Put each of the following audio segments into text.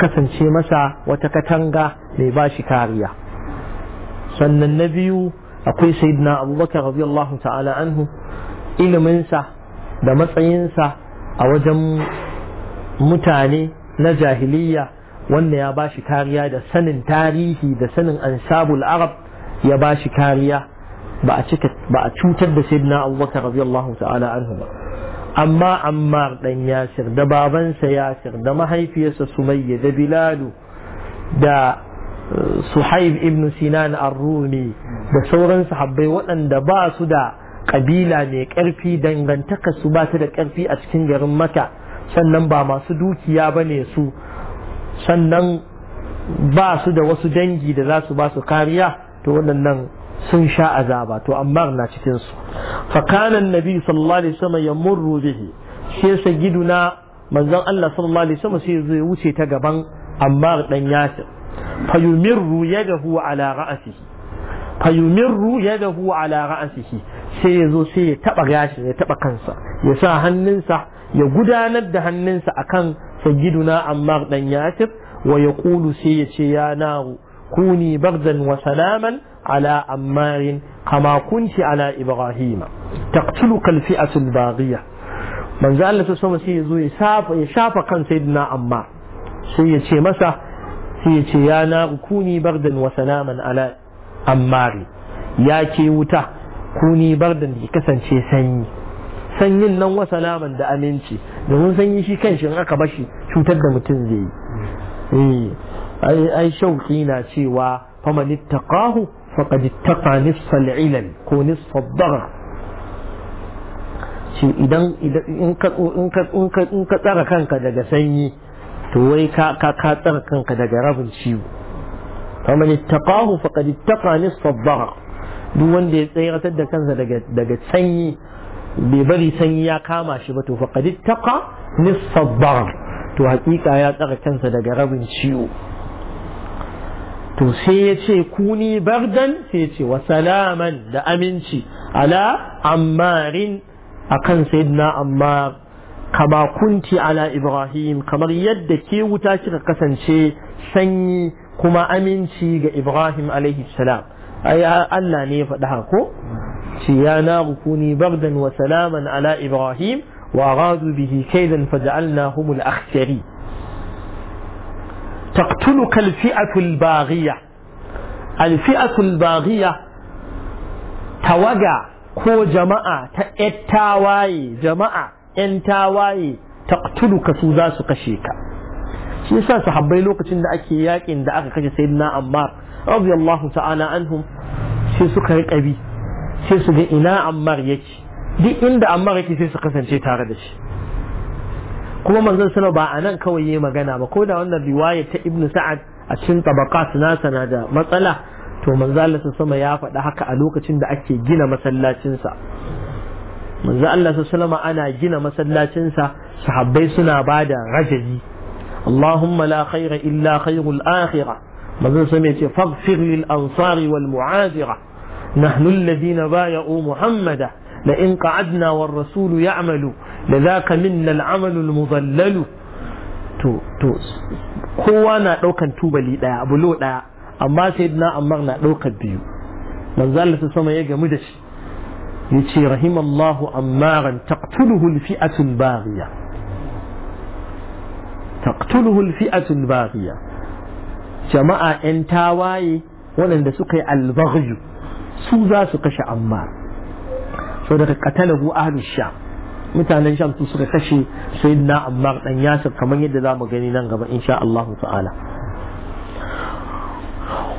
kasance masa wata katanga mai ba shi kariya sannan na biyu akwai saidna abubakar radiyallahu ta'ala anhu iliminsa da matsayinsa a wajen mutane na jahiliya wanda ya ba shi kariya da sanin tarihi da sanin ansabul arab ya ba shi kariya ba a cutar da saidna abubakar radiyallahu ta'ala anhu ba amma ammar dan yasir da babansa yasir da mahaifiyarsa sumayya da bilalu da eh, suhaib ibn sinan ar-rumi da sauran sahabbai waɗanda ba su da Ƙabila mai ƙarfi dangantaka su ba su da ƙarfi a cikin garin maka sannan ba masu dukiya ba ne su sannan ba su da wasu dangi da za su ba su kariya to waɗannan sun sha azaba to ammar na cikin su fa kana annabi sallallahu alaihi wasallam yamurru bihi sai sagiduna manzon Allah sallallahu alaihi wasallam sai zai wuce ta gaban ammar dan yasir fa yumirru yadahu ala ra'sihi fa yumirru yadahu ala ra'sihi sai yazo sai ya taba gashi ya taba kansa ya sa hannunsa ya gudanar da hannunsa akan sayyiduna ammar dan yasir wa yaqulu sai ya ce ya naru kuni bardan wa salaman على عمار كما كنت على إبراهيم تقتلك الفئة الباغية من زال الله سبحانه sai yazo ya shafa ya shafa kan sayyidina amma sai ya ce masa sai ya ce ya na kuni bardan wa salaman ala ammari ya ke wuta kuni bardan ki kasance sanyi sanyin nan wa salaman da aminci domin sanyi shi kanshi in aka bashi cutar da mutum zai yi ai shauki na cewa faman ittaqahu faqad ittaqa nisfa al ko nisfa ad shi idan in ka tsara kanka daga sanyi to wai ka ka tsara kanka daga rabin ciwo faman ittaqahu faqad ittaqa nisfa ad duk wanda ya tsayar da kansa daga sanyi bai bari sanyi ya kama shi ba to faqad ittaqa nisfa ad to hakika ya tsara kansa daga rabin ciwo to sai ya ce kuni bardan sai ya ce wa salaman da aminci ala ammarin akan sayyidina ammar kama kunti ala ibrahim kamar yadda ke wuta kika kasance sanyi kuma aminci ga ibrahim alaihi salam ai Allah ne ya faɗa ko ce ya na kuni bardan wa salaman ala ibrahim wa radu bihi kaidan faja'alnahum al aksari. تقتلك الفئة الباغية الفئة الباغية ko jama'a ta tawaye jama'a ‘yan tawaye taqtuluka su za su kashe ka shi yasa sahabbai lokacin da ake yaƙin da aka kashe sayyidina ammar radiyallahu ta'ala anhum sai suka riƙa bi sai su ina ammar yake duk inda ammar yake sai su kasance tare da shi kuma manzon sama ba a nan kawai yayi magana ba ko da wannan riwaya ta ibnu sa'ad a cikin tabaqat nasa na da matsala to manzo Allah sama ya faɗi haka a lokacin da ake gina masallacin sa manzo Allah sallama ana gina masallacin sa sahabbai suna bada rajabi Allahumma la khaira illa khairul akhirah manzo sama yace faghfir lil ansari wal mu'azira nahnu alladhina bay'u muhammada la in qa'adna war rasulu ya'malu da za ka min al'amalul muzallalu to kowa na ɗaukan tubali ɗaya bulo ɗaya amma sai na na ɗaukar biyu manzo Allah ta sama ya gamu da shi yace rahimallahu ammaran taqtuluhu alfi'atu albaghiya taqtuluhu alfi'atu albaghiya jama'a yan tawaye waɗanda suka yi albaghyu su za su kashe ammar saboda qatalahu ahlus sham mutanen sham su suka kashe sayyidina ammar dan yasir kamar yadda za mu gani nan gaba insha Allah ta'ala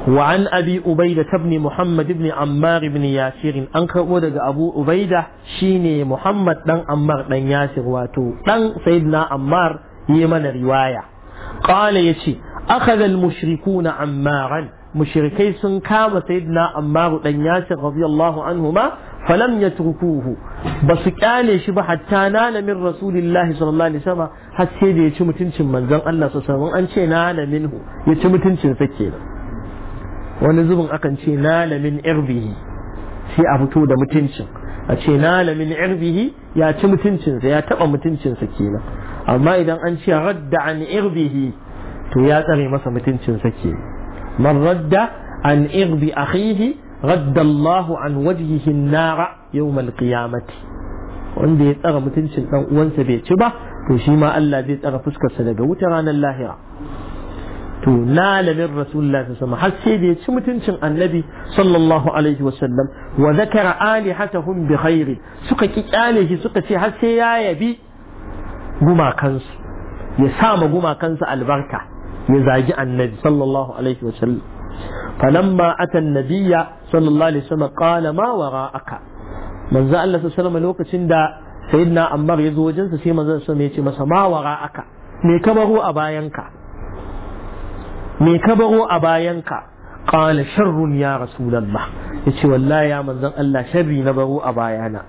وعن أبي أبيدة بن محمد بن عمار بن ياسر أنك ودق أبو أبيدة شيني محمد بن عمار بن ياسر واتو بن سيدنا عمار يمن رواية قال يشي أخذ المشركون عمارا مشركي سن كام سيدنا عمار بن ياسر رضي الله عنهما falam yatrukuhu basu kyale shi ba hatta nala min rasulillahi sallallahu alaihi wasallam har sai da ya ci mutuncin manzon Allah sallallahu an ce nala minhu ya ci mutuncin sa wani zubin akan ce nala min irbihi sai a fito da mutuncin a ce nala min irbihi ya ci mutuncin ya taba mutuncinsa sa kenan amma idan an ce radda an irbihi to ya tsare masa mutuncin sa kenan man radda an irbi akhihi radda Allahu an wajhihi an-nara yawm wanda ya tsara mutuncin dan uwansa bai ci ba to shi ma Allah zai tsara fuskarsa daga wuta ranar lahira to nala min ta sallallahu har sai da ya ci mutuncin annabi sallallahu alaihi wasallam wa zakara alihatahum bi khairi suka ki kyale shi suka ce har sai ya yabi gumakansu ya sa ma gumakansu albarka ya zagi annabi sallallahu alaihi wasallam falamma atan nabiyya sallallahu alaihi wasallam qala ma wara'aka manzo Allah sallallahu lokacin da sayyidina Ammar ya zo wajen sa sai manzo sallallahu ya ci masa ma wara'aka me ka baro a bayanka me ka baro a bayanka qala sharrun ya rasulullah yace wallahi ya manzon Allah sharri na baro a baya bayana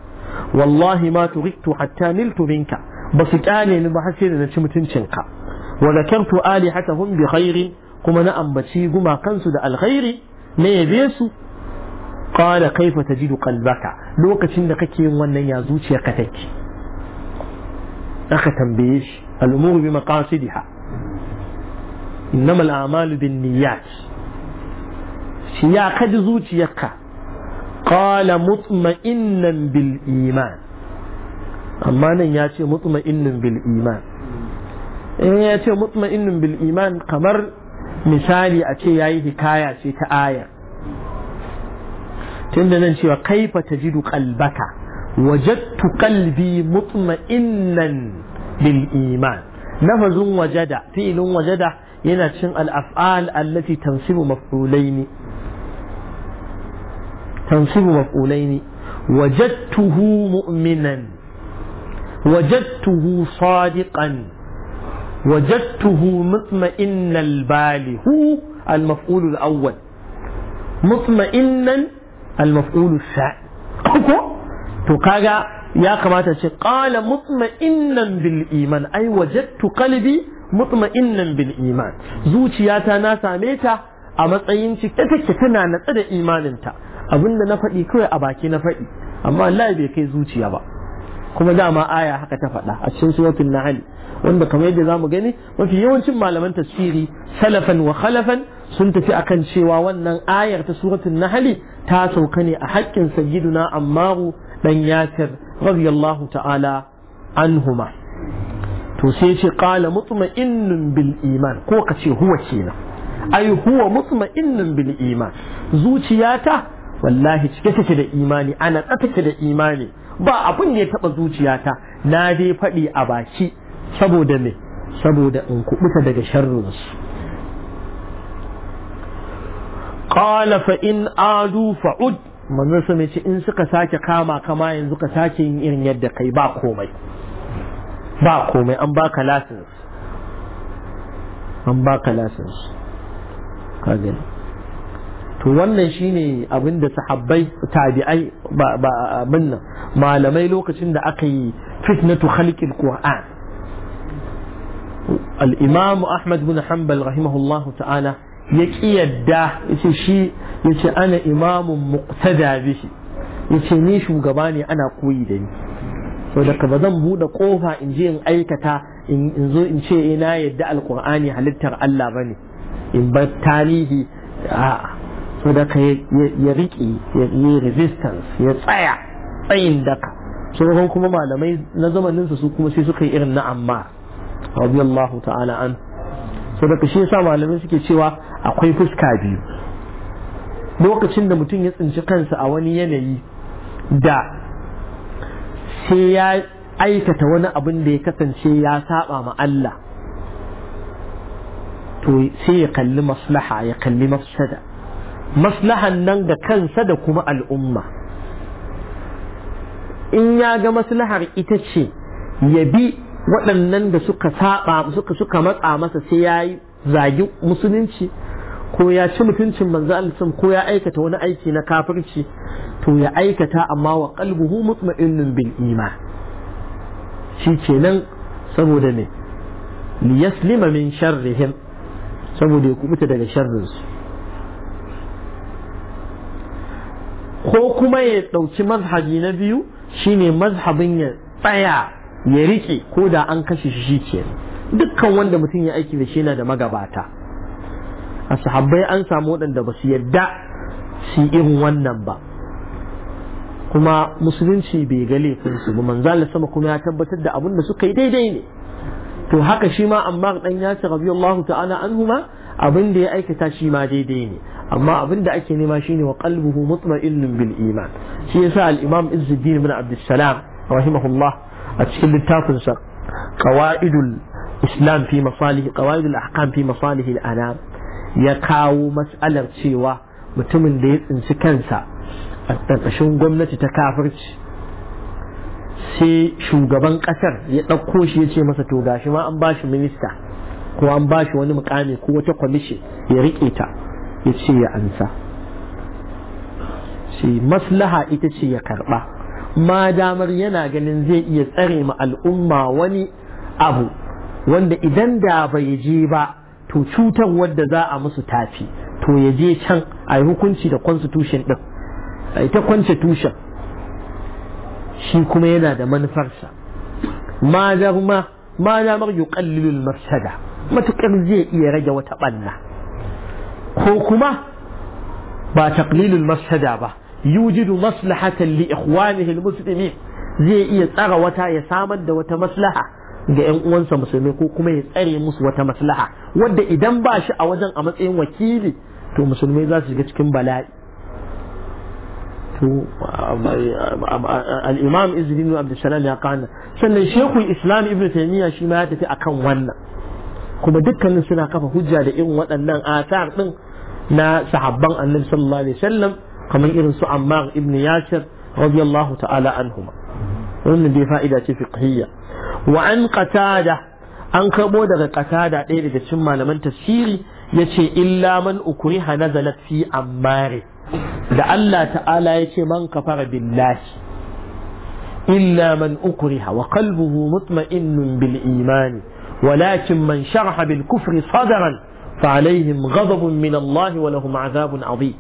wallahi ma turiktu hatta niltu minka ba su kyale ni ba har sai da na ci mutuncinka wa zakartu alihatahum bi khairin kuma na ambaci gumakansu da alkhairi na yabe su kala kaifa tajidu qalbaka lokacin da kake yin wannan ya zuciyarka take aka tambaye shi al'umuru bi maqasidiha innama al'amalu bin niyyat shi ya kaji zuciyarka qala mutma'innan bil iman amma nan ya ce mutma'innan bil iman eh ya ce mutma'innan bil iman kamar misali a ce yayi hikaya ce ta aya tunda nan cewa kaifa tajidu qalbaka wajadtu qalbi mutma'innan bil iman lafazun wajada fi'ilun wajada yana cin al-af'al allati tansibu maf'ulaini tansibu maf'ulaini wajadtuhu mu'minan wajadtuhu sadiqan وجدته مطمئن البال هو المفعول الأول مطمئنا المفعول الثاني تقاقى يا كما قال مطمئنا بالإيمان أي وجدت قلبي مطمئنا بالإيمان زوجياتا ناسا ميتا a matsayin cike take tana natsa da imaninta abinda na faɗi kawai a baki na faɗi amma Allah bai kai zuciya ba kuma dama aya haka ta faɗa a cikin suratul nahl wanda kamar yadda zamu gani mafi yawancin malaman tafsiri salafan wa khalafan sun tafi akan cewa wannan ayar ta suratul nahli ta sauka ne a haƙƙin sayyiduna ammaru dan yasir radiyallahu ta'ala anhuma to sai ce qala mutma'innun bil iman ko ka ce huwa kenan ai huwa mutma'innun bil iman zuciyata wallahi cike take da imani ana tsatake da imani ba abin da ya taba zuciyata na dai faɗi a baki saboda me saboda in kubuta daga sharrinsu qala fa in adu fa'ud manzon sa ce in suka sake kama kama yanzu ka sake yin irin yadda kai ba komai ba komai an baka license an baka license kaga to wannan shine abin da sahabbai tabi'ai ba abin nan malamai lokacin da aka yi fitnatu khalqil qur'an Al'imamu imam Ahmad bin Hambal rahimahullahu ta'ala ya yadda yace ana imamun muqtada bihi yace ni shugaba ne ana koyi da ni so daga ba zan bude kofa in je in aikata in zo in ce ina eh, yadda alqur'ani halittar Allah bane in bar tarihi a so ya riƙe ya resistance ya tsaya tsayin daka So, kuma malamai na zamaninsa su kuma sai suka yi irin na amma radiyallahu ta'ala an so daga shi yasa malamai suke cewa akwai fuska biyu lokacin da mutum ya tsinci kansa a wani yanayi da sai ya aikata wani abin da ya kasance ya saba ma Allah to sai ya kalli maslaha ya kalli mafsada maslahan nan da kansa da kuma al'umma in ya ga maslahar ita ce ya bi waɗannan da suka saba suka suka matsa masa sai ya yi zagi musulunci ko ya ci mutuncin manzo alisun ko ya aikata wani aiki na kafirci to ya aikata amma wa qalbuhu mutma'innun bil iman shi kenan saboda ne li yaslima min sharrihim saboda ya kubuta daga sharrinsu ko kuma ya ɗauki mazhabi na biyu shine mazhabin ya tsaya ya rike ko da an kashe shi shi ke dukkan wanda mutum ya aiki da shi yana da magabata a sahabbai an samu waɗanda ba su yadda su irin wannan ba kuma musulunci bai ga laifinsu ba manzo sama kuma ya tabbatar da abin da suka yi daidai ne to haka shi ma amma dan ya ci radiyallahu ta'ala anhuma abin da ya aikata shi ma daidai ne amma abin da ake nema shine wa qalbuhu mutma'innun bil iman shi yasa al-imam Izzuddin ibn Abdussalam rahimahullah a cikin littafinsa qawaidul islam fi masalihi qawaidul ahkam fi masalihi al ya kawo mas'alar cewa mutumin da ya tsinci kansa a ƙarƙashin gwamnati ta kafirci sai shugaban ƙasar ya ɗauko shi ya ce masa to gashi ma an bashi minista ko an bashi wani mukami ko wata kwamishin ya riƙe ta ya ce ya ansa shi maslaha ita ce ya karɓa ma damar yana ganin zai iya tsare ma al'umma wani abu wanda idan da bai je ba to cutar wadda za a musu tafi to ya je can a yi hukunci da constitution din a ita constitution shi kuma yana da manufarsa ma damar ma damar yuqallilul mafsada matukar zai iya rage wata banna ko kuma ba taqlilul masada ba yujidu maslahatan li ikhwanihi almuslimin zai iya tsara wata ya samar da wata maslaha ga yan uwansa musulmai ko kuma ya tsare musu wata maslaha wadda idan ba shi a wajen a matsayin wakili to musulmai za su shiga cikin bala'i to al-imam izrin ya kana sannan shekul islam ibnu taymiya shima ya tafi akan wannan kuma dukkanin suna kafa hujja da irin waɗannan atar ɗin na sahabban annabi sallallahu alaihi kamar irin su Ammar ibn Yasir radiyallahu ta'ala anhuma wannan bai fa'ida ce fiqhiyya wa an qatada an kabo daga qatada ɗaya daga cikin malaman tafsiri yace illa man ukriha nazalat fi ammar da Allah ta'ala yace man kafara billahi إلا من أكره وقلبه مطمئن بالإيمان ولكن من شرح بالكفر صدرا فعليهم غضب من الله ولهم عذاب عظيم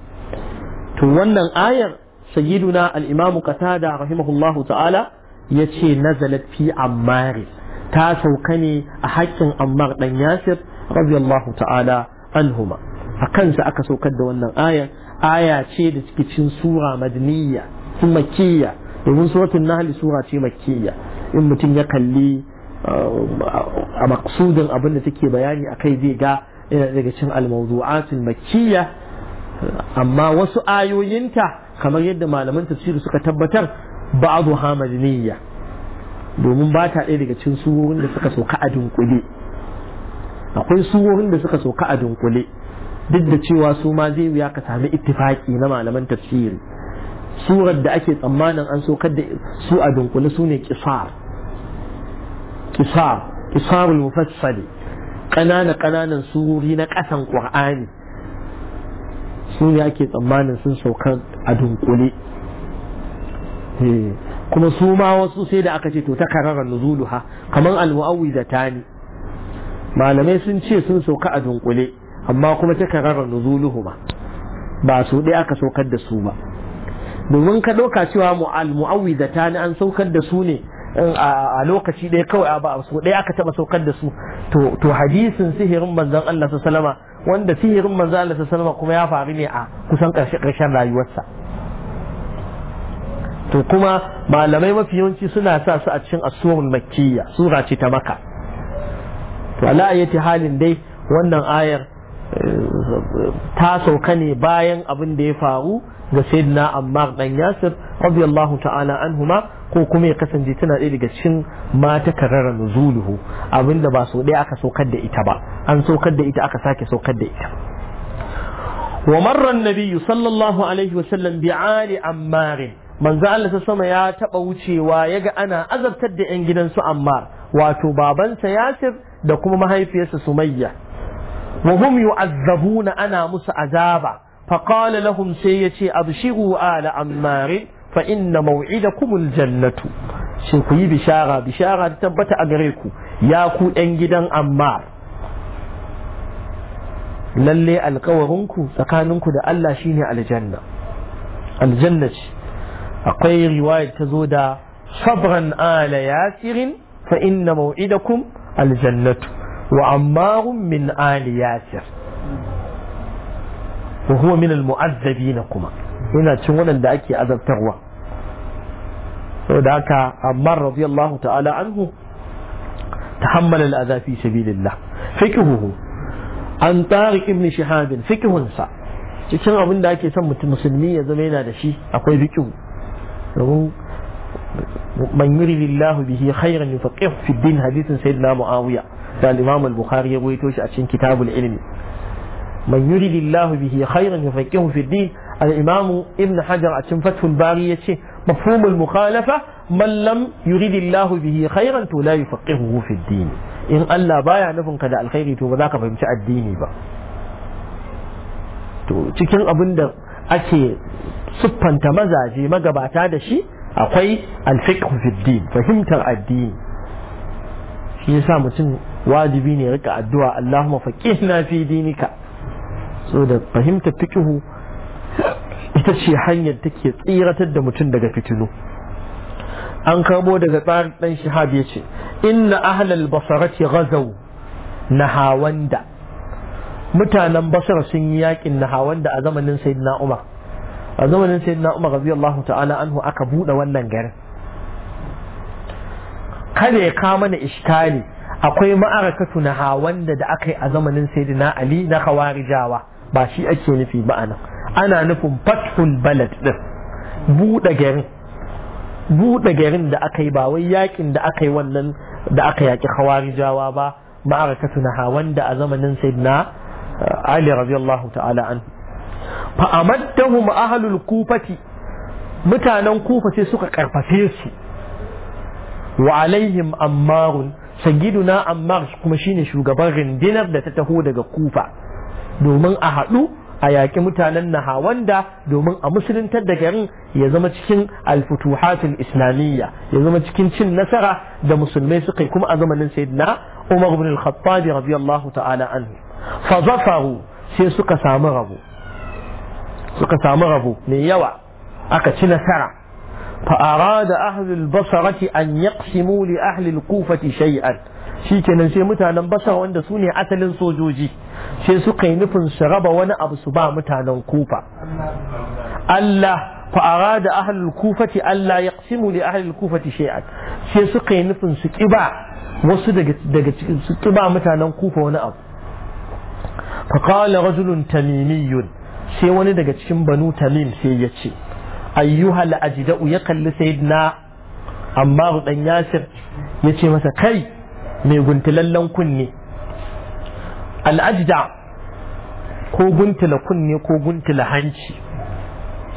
to wannan ayar sayyiduna al-imamu qatada rahimahullahu ta'ala yace nazalat fi ammari ta sauka ne a hakkin ammar dan yasir radiyallahu ta'ala anhuma a kansa aka saukar da wannan ayar aya ce da cikin sura madaniyya makiyya domin suratun nahl sura ce makiyya in mutum ya kalli uh, a maksudin abin da take bayani akai zai ga yana daga cin al makiyya amma wasu ayoyinta kamar yadda malaman tafsiri suka tabbatar ba ba'adu hamadiniya domin ba ta ɗaya daga cikin suwurin da suka sauka a dunkule akwai suwurin da suka sauka a dunkule duk da cewa su ma zai wuya ka sami ittifaki na malaman tafsiri surar da ake tsammanin an sokar da su a dunkule su ne kisar kisar kisar mufassali ƙanana ƙananan surori na ƙasan ƙur'ani su ne ake tsammanin sun sauka a dunkule eh, kuma su ma wasu sai da aka ce to ta kararar ha kamar ta ne malamai sun ce sun sauka a dunkule amma kuma ta kararar nuzuluhuma ba su ɗaya aka saukar da su ba domin ka ɗauka cewa ta ne an saukar da su ne a lokaci ɗaya kawai ba su ɗaya aka taɓa saukar da su to hadisin sihirin manzon Allah sallama wanda sihirin manzo Allah sallallahu alaihi kuma ya faru ne a kusan karshe karshen rayuwarsa to kuma malamai mafi yawanci suna sa su a cikin as suwarul makkiyya sura ce ta maka to ala ayati halin dai wannan ayar eh, ta sauka ne bayan abin da ya faru ga sayyidina Ammar dan Yasir radiyallahu ta'ala anhuma ko kuma ya kasance tana ɗaya daga cikin mata karara nuzuluhu abinda ba so ɗaya aka saukar da ita ba an saukar da ita aka sake saukar da ita wa marran nabiyyu sallallahu alaihi wasallam bi ali ammar manzo Allah ta sama ya taba wucewa yaga ana azabtar da yan gidansu ammar wato babansa yasir da kuma mahaifiyarsa sumayya wa hum yu'azzabuna ana musu azaba sai فقال Abu سيتي أبشروا ala عمار فإن موعدكم الجنة شن كوي بشارة بشارة تبت أغريكو ياكو أنجدن أمار للي القوغنكو سكانكو دا الله شيني على الجنة الجنة أقوي رواية تزودا صبرا آل ياسر فإن موعدكم الجنة وعمار من آل ياسر وهو من المؤذبين كما هنا تشوفون ان ده اكي عذاب ترواه saboda haka ammar radiyallahu ta'ala anhu تحمل الأذى في سبيل الله فكهه an طارق ابن شهاب فكه cikin abin da ake son mutum musulmi ya zama yana da shi akwai fikihu domin man yuri lillahu bihi khairan yufaqih fi din hadisin sayyidina muawiya da imam al-bukhari ya goyito shi a cikin kitabul ilmi man yuri lillahu bihi khairan yufaqih fi din al-imam ibn hajar a cikin fathul bari yace مفهوم المخالفة من لم يريد الله به خيرا تو لا يفقهه في الدين إن ألا بايع نفن كذا الخير تو بذاك فهمت الديني با تو تكين أبند أكي سبحان تمزا جي مقبع تادشي أقوي الفقه في الدين فهمت الدين يسا متن واجبيني رك الدعاء اللهم فقهنا في دينك سودة فهمت فقهه ita ce hanyar take tsiratar da mutum daga fitilu an kamo daga tsarin dan shihab ya ce inna ahlal basarati ghazaw nahawanda mutanen basara sun yi yakin nahawanda a zamanin sayyidina umar a zamanin sayyidina umar radiyallahu ta'ala anhu aka bude wannan garin kada ya ka mana iskali akwai ma'arakatu nahawanda da aka yi a zamanin sayyidina ali na khawarijawa ba shi ake nufi ba anan ana nufin fathun balad din buɗe garin buɗe garin da aka yi ba wai yakin da aka yi wannan da aka yaki khawarijawa ba ma'arakatu na wanda a zamanin sayyidina uh, ali radiyallahu ta'ala an fa amaddahum ahlul kufati mutanen kufa sai suka karfafe su wa alaihim ammarun na ammar kuma shine shugaban rindinar da ta taho daga kufa domin a haɗu a yaƙi mutanen nahawanda domin a musuluntar da garin ya zama cikin alfutuhatul islamiyya ya zama cikin cin nasara da musulmai suka yi kuma a zamanin sayyidina Umar ibn al-Khattab radiyallahu ta'ala anhu fa zafaru sai suka samu rabo suka samu rabo mai yawa aka ci nasara fa arada ahlul basrati an yaqsimu li ahli al-kufati shay'an shikenan sai mutanen basra wanda su ne asalin sojoji sai suka yi nufin su raba wani abu su ba mutanen kufa Allah ahlul kufati alla yaqsimu li ahlil kufati shay'an sai suka yi nufin su ƙiba wasu daga cikin su ƙiba mutanen kufa wani abu qala rajulun tamimiyun sai wani daga cikin banu tamim sai ya ce ayyuhal ajida'u ya kalli sayyidina amma dan yasir ya ce masa kai mai guntulallen kunne al'ajda ko guntula kunne ko guntula hanci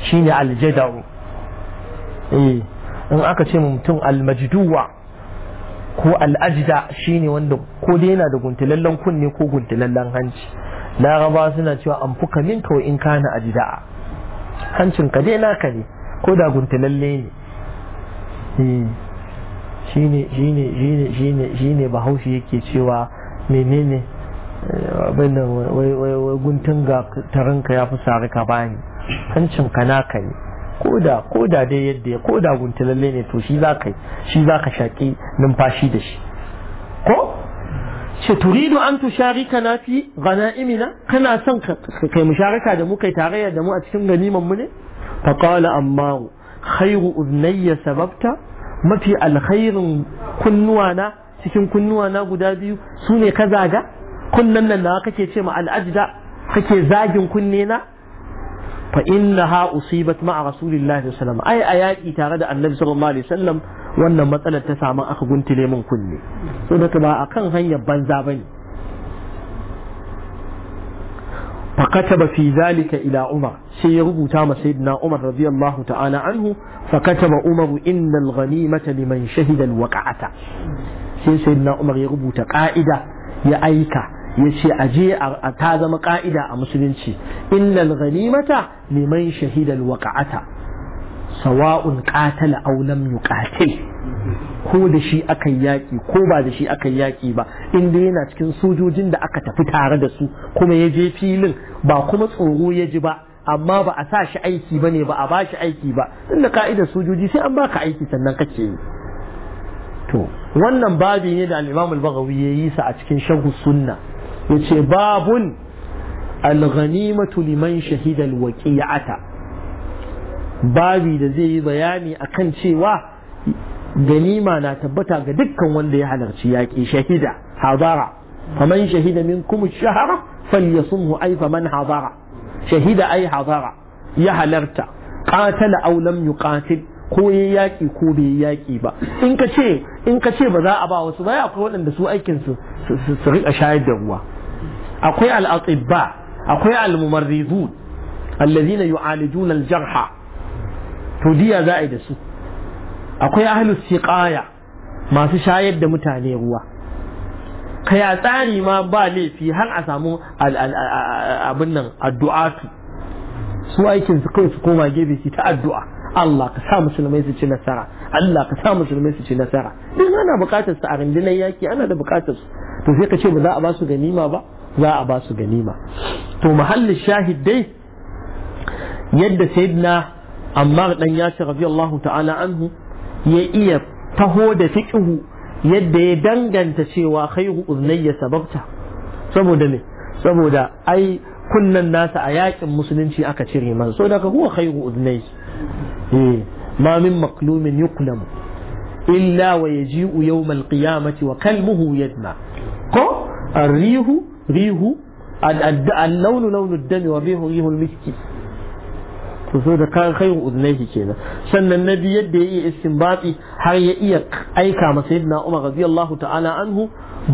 shine aljada'u eh in aka ce mutum almajduwa ko al'ajda shine wanda ko dai yana da guntulallen kunne ko guntulallen hanci laraba suna cewa an fuka min kawai in kana ajda'a hancin ka dai naka ne ko da guntulalle ne eh, shine shine shine shine shine bahaushe yake cewa menene abin nan wai guntun ga tarinka ya fi sari ka bani hancin ka na ka yi ko da dai yadda ko da guntulalle ne to shi za ka shi za ka shaƙi numfashi da shi ko ce turidu an ka na fi ghana'imina kana son ka kai musharaka da mu kai tarayya da mu a cikin ganiman mu ne fa qala amma khairu udnayya sababta mafi alkhairin kunnuwana cikin kunnuwana guda biyu sune ka zaga kunnan nan na kake ce ma al'ajda kake zagin kunne na fa inna ha usibat ma'a rasulillahi sallallahu alaihi wasallam ai a yaki tare da annabi sallallahu alaihi wasallam wannan matsalar ta samu aka guntule mun kunne so da ba akan hanyar banza bane فكتب في ذلك إلى عمر سيربو تام سيدنا عمر رضي الله تعالى عنه فكتب عمر إن الغنيمة لمن شهد الوقعة سيدنا عمر يربو تقائدة يا أيكا yace aje a ta zama ka'ida a musulunci innal ghanimata liman shahida alwaqa'ata sawa'un qatala aw lam yuqatil ko da shi aka yaƙi ko ba da shi aka yaƙi ba inda yana cikin sojojin da aka tafi tare da su kuma ya je filin ba kuma tsoro ya ji ba amma ba a sa shi aiki ba ne ba a ba shi aiki ba da ka'idar sojoji sai an baka aiki sannan kake yi to wannan babi ne da al-Imam al-Baghawi ya yi sa a cikin shahu sunna yace babun al-ghanimatu liman shahida al babi da zai yi bayani akan cewa ganima na tabbata ga dukkan wanda ya halarci yaƙi shahida hadara faman shahida minkum shahara falyasumhu ay faman hadara shahida ay hadara ya halarta qatala aw lam yuqatil ko ya yaƙi ko bai yaƙi ba in ka ce in ka ce ba za a ba wasu ba akwai waɗanda su aikin su su riƙa shayar da ruwa akwai al akwai al-mumarridun allazina yu'alijuna al-jarha to diya za a yi da su akwai ahlus siqaya masu shayar da mutane ruwa kai a tsari ma ba laifi har a samu abin nan addu'atu su aikin su kai su koma gefe su ta addu'a Allah ka sa musulmai su ci nasara Allah ka sa musulmai su ci nasara din ana bukatar su a rundunar yaki ana da bukatar su to sai ka ce ba za a ba su ganima ba za a ba su ganima to mahallin shahid dai yadda sayyidina ammar dan yasir radiyallahu ta'ala anhu ya iya taho da fiqhu yadda ya danganta cewa khairu uznayya sababta saboda me saboda ai kunnan nasa a yakin musulunci aka cire man so daga huwa khairu uznayya eh ma min maqlumin illa wa yaji'u yawm al-qiyamati wa kalbuhu yadma ko الريح rihu اللون لون الدم وريه ريه المسك so da kan khairu shi kenan sannan na biyar da ya iya istinbati har ya iya aika masa sayyidina Umar radiyallahu ta'ala anhu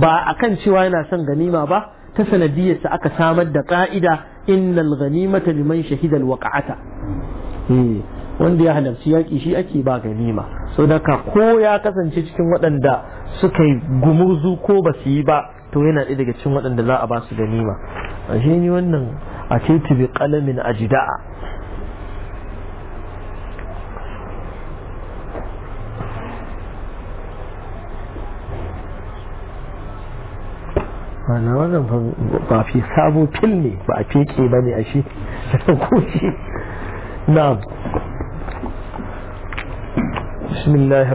ba akan cewa yana son ganima ba ta sanadiyar sa aka samar da ka'ida innal ghanimata liman shahida alwaqa'ata eh, wanda ya halarci yaki shi ake ba ganima so da ka ko ya kasance cikin waɗanda suka yi gumurzu ko ba su yi ba to yana ɗaya daga cikin waɗanda za a ba su ganima a shi ni wannan a ce bi ƙalamin ajida'a ana wannan ba fi sabo fil ne ba a feke ba ne a shi ko shi na bismillah